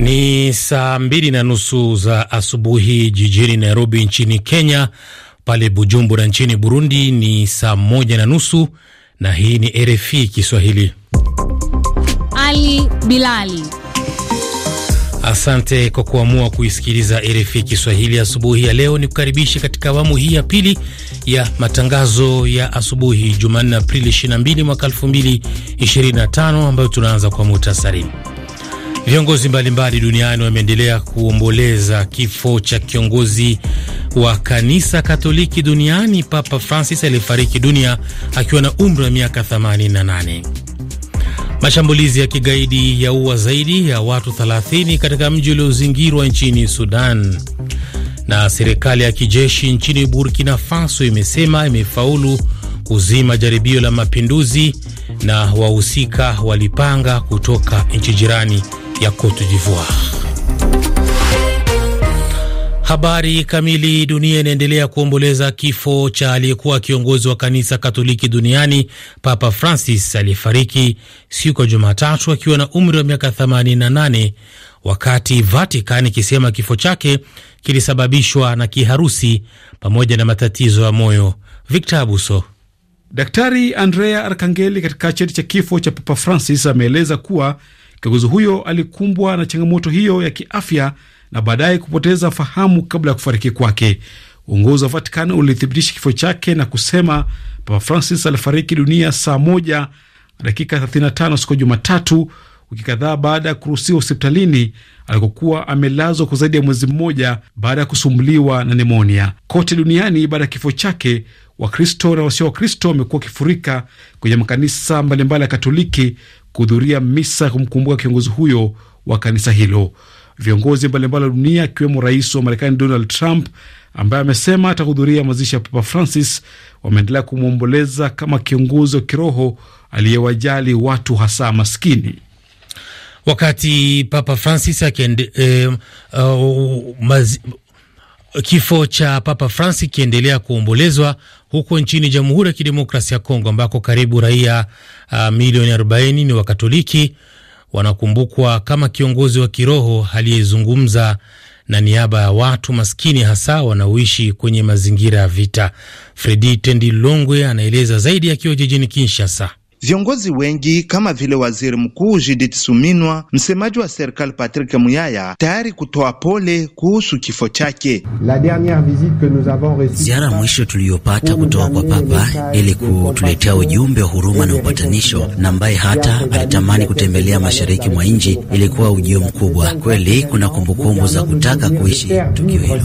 Ni saa mbili na nusu za asubuhi jijini Nairobi nchini Kenya. Pale Bujumbura nchini Burundi ni saa moja na nusu, na hii ni RFI Kiswahili. Ali Bilali, asante kwa kuamua kuisikiliza RFI Kiswahili asubuhi ya leo. Ni kukaribishe katika awamu hii ya pili ya matangazo ya asubuhi, Jumanne Aprili 22 mwaka 2025, ambayo tunaanza kwa muhtasari Viongozi mbalimbali duniani wameendelea kuomboleza kifo cha kiongozi wa kanisa Katoliki duniani Papa Francis aliyefariki dunia akiwa na umri wa miaka 88. Mashambulizi ya kigaidi ya ua zaidi ya watu 30 katika mji uliozingirwa nchini Sudan. Na serikali ya kijeshi nchini Burkina Faso imesema imefaulu kuzima jaribio la mapinduzi na wahusika walipanga kutoka nchi jirani ya Cote d'Ivoire. Habari kamili. Dunia inaendelea kuomboleza kifo cha aliyekuwa kiongozi wa kanisa Katoliki duniani Papa Francis aliyefariki siku ya Jumatatu akiwa na umri wa miaka 88, wakati Vatican ikisema kifo chake kilisababishwa na kiharusi pamoja na matatizo ya moyo. Victor Abuso. Daktari Andrea Arkangeli katika cheti cha kifo cha Papa Francis ameeleza kuwa Kiongozi huyo alikumbwa na changamoto hiyo ya kiafya na baadaye kupoteza fahamu kabla ya kufariki kwake. Uongozi wa Vatican ulithibitisha kifo chake na kusema Papa Francis alifariki dunia saa moja dakika 35 siku ya Jumatatu, wiki kadhaa baada ya kuruhusiwa hospitalini alikokuwa amelazwa kwa zaidi ya mwezi mmoja baada ya kusumbuliwa na nemonia kote duniani. Baada ya kifo chake, Wakristo na wasio Wakristo wamekuwa wakifurika kwenye makanisa mbalimbali ya Katoliki kuhudhuria misa ya kumkumbuka kiongozi huyo wa kanisa hilo. Viongozi mbalimbali wa dunia akiwemo rais wa Marekani Donald Trump ambaye amesema atahudhuria mazishi ya Papa Francis wameendelea kumwomboleza kama kiongozi wa kiroho aliyewajali watu hasa maskini. Wakati Papa Francis akiende, eh, uh, mazi, kifo cha Papa Francis kiendelea kuombolezwa, huko nchini Jamhuri ya Kidemokrasia ya Kongo ambako karibu raia uh, milioni 40 ni Wakatoliki wanakumbukwa kama kiongozi wa kiroho aliyezungumza na niaba ya watu maskini hasa wanaoishi kwenye mazingira ya vita. Fredi Tendi Longwe anaeleza zaidi akiwa jijini Kinshasa. Viongozi wengi kama vile waziri mkuu Judith Suminwa, msemaji wa serikali Patrick Muyaya tayari kutoa pole kuhusu kifo chake. Ziara mwisho tuliyopata kutoka kwa Papa ili kutuletea ujumbe wa huruma na upatanisho, na ambaye hata alitamani kutembelea mashariki mwa nchi, ilikuwa ujio mkubwa kweli. Kuna kumbukumbu za kutaka kuishi tukio hilo.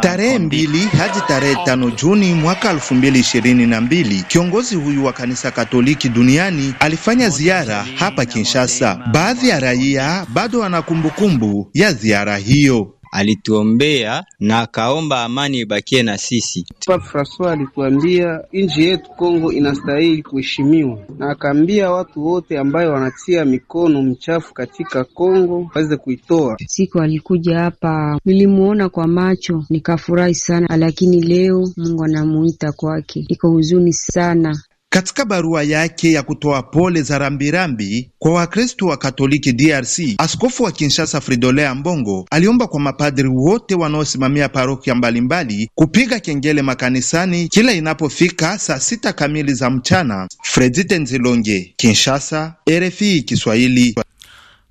Tarehe mbili hadi tarehe tano Juni mwaka elfu mbili ishirini na mbili mbili, kiongozi huyu wa kanisa Katoliki duniani alifanya ziara hapa Kinshasa. Baadhi ya raia bado wana kumbukumbu ya ziara hiyo alituombea na akaomba amani ibakie na sisi. Papa Francois alituambia nchi yetu Kongo inastahili kuheshimiwa, na akaambia watu wote ambayo wanatia mikono mchafu katika Kongo waweze kuitoa. Siku alikuja hapa, nilimuona kwa macho nikafurahi sana, lakini leo Mungu anamuita kwake, iko huzuni sana katika barua yake ya kutoa pole za rambirambi kwa Wakristo wa Katoliki DRC, askofu wa Kinshasa Fridolin Ambongo aliomba kwa mapadri wote wanaosimamia parokia mbalimbali kupiga kengele makanisani kila inapofika saa sita kamili za mchana. Fredite Nzilonge, Kinshasa, RFI Kiswahili.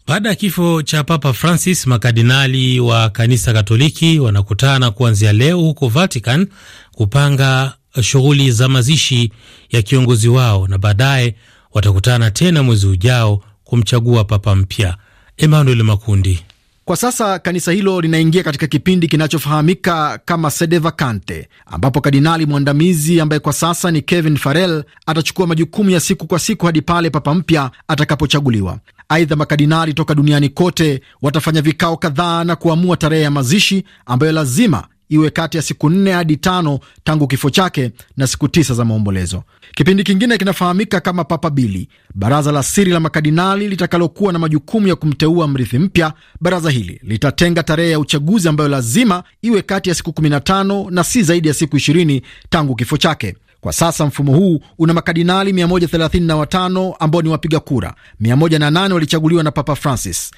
Baada ya kifo cha Papa Francis, makardinali wa kanisa Katoliki wanakutana kuanzia leo huko Vatican kupanga shughuli za mazishi ya kiongozi wao na baadaye watakutana tena mwezi ujao kumchagua papa mpya. Emmanuel Makundi. Kwa sasa kanisa hilo linaingia katika kipindi kinachofahamika kama sede vacante, ambapo kardinali mwandamizi ambaye kwa sasa ni Kevin Farrell atachukua majukumu ya siku kwa siku hadi pale papa mpya atakapochaguliwa. Aidha, makardinali toka duniani kote watafanya vikao kadhaa na kuamua tarehe ya mazishi ambayo lazima iwe kati ya siku nne hadi tano tangu kifo chake na siku tisa za maombolezo. Kipindi kingine kinafahamika kama papa bili baraza la siri la makadinali litakalokuwa na majukumu ya kumteua mrithi mpya. Baraza hili litatenga tarehe ya uchaguzi ambayo lazima iwe kati ya siku 15 na si zaidi ya siku 20 tangu kifo chake. Kwa sasa mfumo huu una makadinali 135 ambao ni wapiga kura, 108 walichaguliwa na Papa Francis.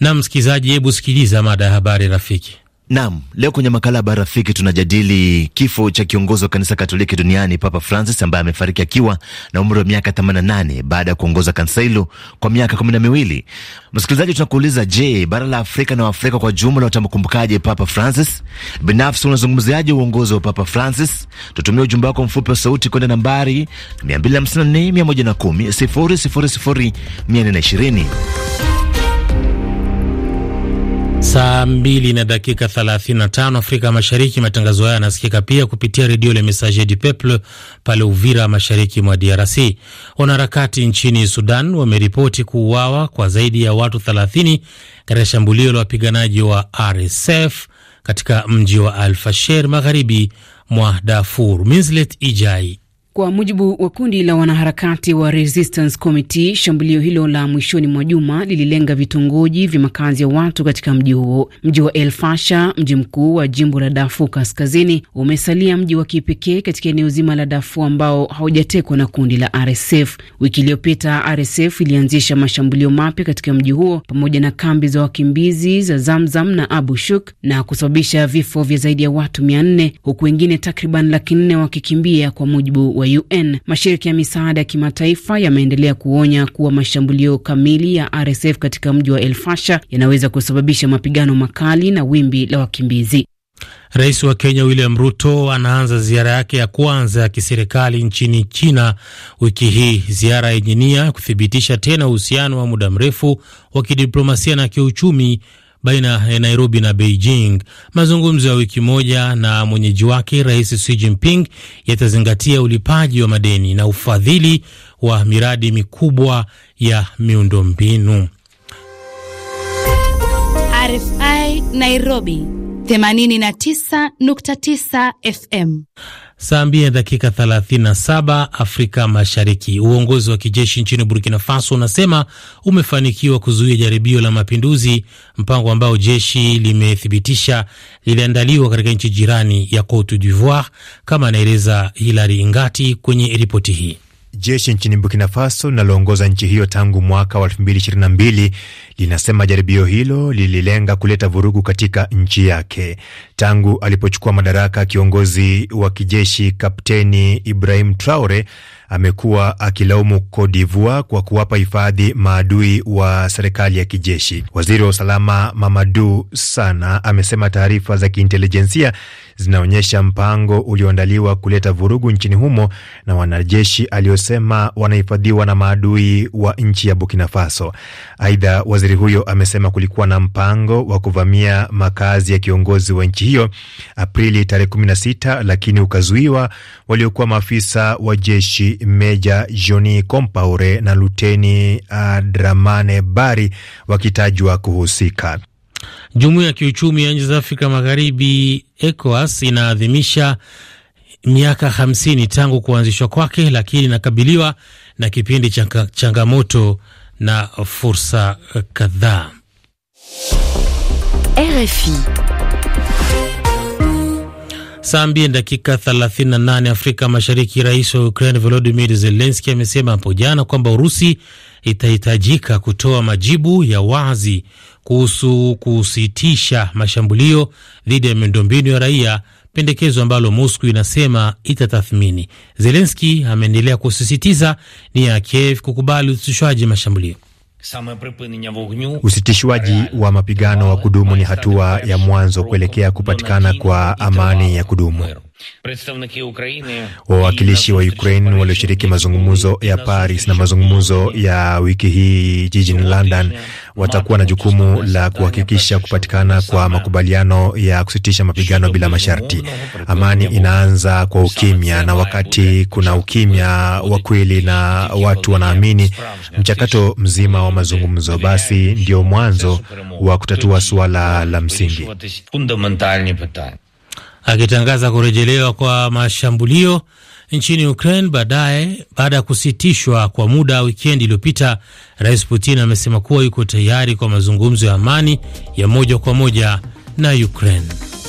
Na msikilizaji, hebu sikiliza mada ya habari rafiki. Naam, leo kwenye makala ya Barafiki tunajadili kifo cha kiongozi wa kanisa Katoliki duniani Papa Francis ambaye amefariki akiwa na umri wa miaka 88 baada ya kuongoza kanisa hilo kwa miaka kumi na miwili. Msikilizaji, tunakuuliza je, bara la Afrika na Waafrika kwa jumla watamkumbukaje Papa Francis? Binafsi unazungumziaje uongozi wa Papa Francis? Tutumia ujumbe wako mfupi wa sauti kwenda nambari 254 110 000 420. Saa mbili na dakika 35 Afrika Mashariki. Matangazo haya yanasikika pia kupitia redio Le Messager du Peuple pale Uvira, mashariki mwa DRC. Wanaharakati nchini Sudan wameripoti kuuawa kwa zaidi ya watu 30 katika shambulio la wapiganaji wa RSF katika mji wa alfasher magharibi mwa Darfur. Minslet Ijai kwa mujibu wa kundi la wanaharakati wa Resistance Committee, shambulio hilo la mwishoni mwa juma lililenga vitongoji vya makazi ya watu katika mji huo. Mji wa El mji mkuu wa jimbo la dafu Kaskazini, umesalia mji wa kipekee katika eneo zima la dafu ambao haujatekwa na kundi la RSF. Wiki iliyopita RSF ilianzisha mashambulio mapya katika mji huo pamoja na kambi za wakimbizi za Zamzam na Abu Shuk na kusababisha vifo vya zaidi ya watu mia nne huku wengine takriban laki nne wakikimbia kwa mujibu wa UN. Mashirika ya misaada ya kimataifa yameendelea kuonya kuwa mashambulio kamili ya RSF katika mji wa El yanaweza kusababisha mapigano makali na wimbi la wakimbizi. Rais wa Kenya William Ruto anaanza ziara yake ya kwanza ya kiserikali nchini China wiki hii, ziara yenye nia kuthibitisha tena uhusiano wa muda mrefu wa kidiplomasia na kiuchumi baina ya Nairobi na Beijing. Mazungumzo ya wiki moja na mwenyeji wake Rais Xi Jinping yatazingatia ulipaji wa madeni na ufadhili wa miradi mikubwa ya miundombinu. RFI Nairobi 89.9 FM saa mbili na dakika 37 Afrika Mashariki. Uongozi wa kijeshi nchini Burkina Faso unasema umefanikiwa kuzuia jaribio la mapinduzi, mpango ambao jeshi limethibitisha liliandaliwa katika nchi jirani ya Cote d'Ivoire, kama anaeleza Hilary Ingati kwenye ripoti hii. Jeshi nchini Burkina Faso linaloongoza nchi hiyo tangu mwaka wa 2022 linasema jaribio hilo lililenga kuleta vurugu katika nchi yake. Tangu alipochukua madaraka, kiongozi wa kijeshi Kapteni Ibrahim Traore amekuwa akilaumu Cote d'Ivoire kwa kuwapa hifadhi maadui wa serikali ya kijeshi. Waziri wa usalama Mamadu Sana amesema taarifa za kiintelijensia zinaonyesha mpango ulioandaliwa kuleta vurugu nchini humo na wanajeshi aliosema wanahifadhiwa na maadui wa nchi ya Burkina Faso. Aidha, waziri huyo amesema kulikuwa na mpango wa kuvamia makazi ya kiongozi wa nchi hiyo Aprili tarehe 16, lakini ukazuiwa. Waliokuwa maafisa wa jeshi Meja Joni Compaore na Luteni uh, Dramane Bari wakitajwa kuhusika. Jumuiya ya kiuchumi ya nchi za Afrika Magharibi, ECOWAS, inaadhimisha miaka 50 tangu kuanzishwa kwake, lakini inakabiliwa na kipindi cha changamoto na fursa kadhaa. RFI Saa mbili dakika 38 Afrika Mashariki, rais wa Ukraine volodimir Zelenski amesema hapo jana kwamba Urusi itahitajika kutoa majibu ya wazi kuhusu kusitisha mashambulio dhidi ya miundombinu ya raia, pendekezo ambalo Moscow inasema itatathmini. Zelenski ameendelea kusisitiza nia ya Kiev kukubali usitishwaji mashambulio. Usitishwaji wa mapigano wa kudumu ni hatua ya mwanzo kuelekea kupatikana kwa amani ya kudumu. Wawakilishi wa Ukraine walioshiriki mazungumzo ya Paris na mazungumzo ya wiki hii jijini London watakuwa na jukumu la kuhakikisha kupatikana kwa makubaliano ya kusitisha mapigano bila masharti. Amani inaanza kwa ukimya, na wakati kuna ukimya wa kweli na watu wanaamini mchakato mzima wa mazungumzo, basi ndio mwanzo wa kutatua suala la msingi akitangaza kurejelewa kwa mashambulio nchini Ukraine baadaye baada ya kusitishwa kwa muda wikendi iliyopita. Rais Putin amesema kuwa yuko tayari kwa mazungumzo ya amani ya moja kwa moja na Ukraine.